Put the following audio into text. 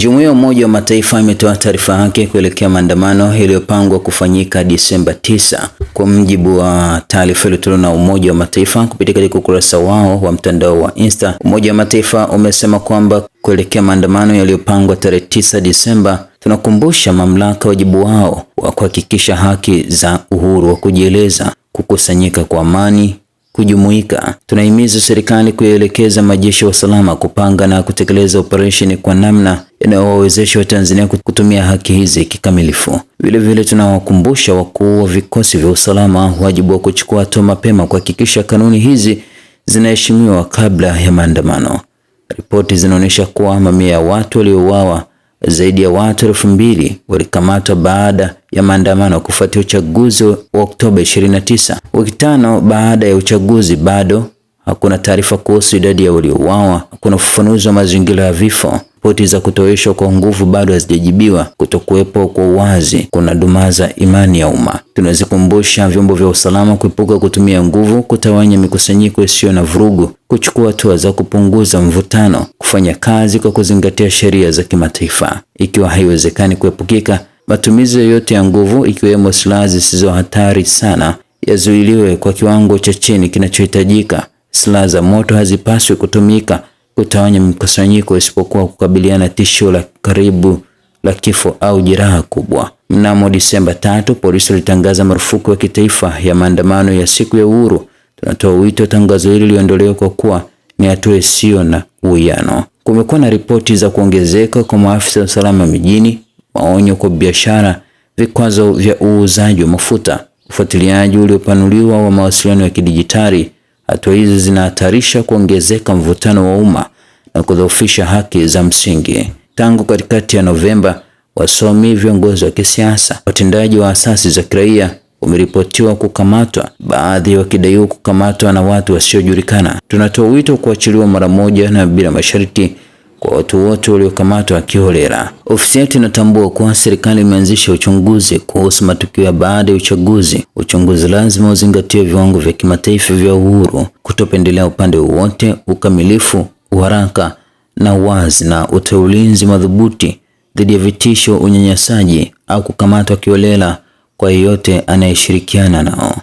Jumuiya ya Umoja wa Mataifa imetoa taarifa yake kuelekea maandamano yaliyopangwa kufanyika Disemba 9. Kwa mjibu wa taarifa iliyotolewa na Umoja wa Mataifa kupitia katika ukurasa wao wa mtandao wa Insta, Umoja wa Mataifa umesema kwamba kuelekea maandamano yaliyopangwa tarehe 9 Disemba, tunakumbusha mamlaka wajibu wao wa kuhakikisha haki za uhuru wa kujieleza, kukusanyika kwa amani kujumuika. Tunahimiza serikali kuelekeza majeshi wa usalama kupanga na kutekeleza operesheni kwa namna yanayowawezesha Watanzania kutumia haki hizi kikamilifu. Vilevile tunawakumbusha wakuu wa vikosi vya usalama wajibu wa kuchukua hatua mapema kuhakikisha kanuni hizi zinaheshimiwa kabla ya maandamano. Ripoti zinaonyesha kuwa mamia ya watu waliouawa, zaidi ya watu elfu mbili walikamatwa baada ya maandamano kufuatia uchaguzi wa Oktoba 29. Wiki tano baada ya uchaguzi bado hakuna taarifa kuhusu idadi ya waliouawa, hakuna ufafanuzi wa mazingira ya vifo. Ripoti za kutoweshwa kwa nguvu bado hazijajibiwa. Kutokuwepo kwa uwazi kuna dumaza imani ya umma. Tunazikumbusha vyombo vya usalama kuepuka kutumia nguvu, kutawanya mikusanyiko isiyo na vurugu, kuchukua hatua za kupunguza mvutano, kufanya kazi kwa kuzingatia sheria za kimataifa. Ikiwa haiwezekani kuepukika, matumizi yoyote ya nguvu, ikiwemo silaha zisizo hatari sana, yazuiliwe kwa kiwango cha chini kinachohitajika. Silaha za moto hazipaswi kutumika kutawanya mkusanyiko isipokuwa kukabiliana tisho la karibu la kifo au jeraha kubwa. Mnamo Disemba tatu, polisi walitangaza marufuku ya kitaifa ya maandamano ya siku ya uhuru. Tunatoa wito tangazo hili liondolewe kwa kuwa ni hatua isiyo na uwiano. Kumekuwa na ripoti za kuongezeka kwa maafisa wa usalama mijini, maonyo kwa biashara, vikwazo vya uuzaji wa mafuta, ufuatiliaji uliopanuliwa wa mawasiliano ya kidijitali Hatua hizi zinahatarisha kuongezeka mvutano wa umma na kudhoofisha haki za msingi. Tangu katikati ya Novemba, wasomi, viongozi wa kisiasa, watendaji wa asasi za kiraia wameripotiwa kukamatwa, baadhi wakidaiwa kukamatwa na watu wasiojulikana. Tunatoa wito kuachiliwa mara moja na bila masharti kwa watu wote waliokamatwa kiholela. Ofisi yetu inatambua kuwa serikali imeanzisha uchunguzi kuhusu matukio ya baada ya uchaguzi. Uchunguzi lazima uzingatie viwango vya kimataifa vya uhuru, kutopendelea upande wowote, ukamilifu, uharaka na uwazi, na utoe ulinzi madhubuti dhidi ya vitisho, unyanyasaji au kukamatwa kiholela kwa yeyote anayeshirikiana nao.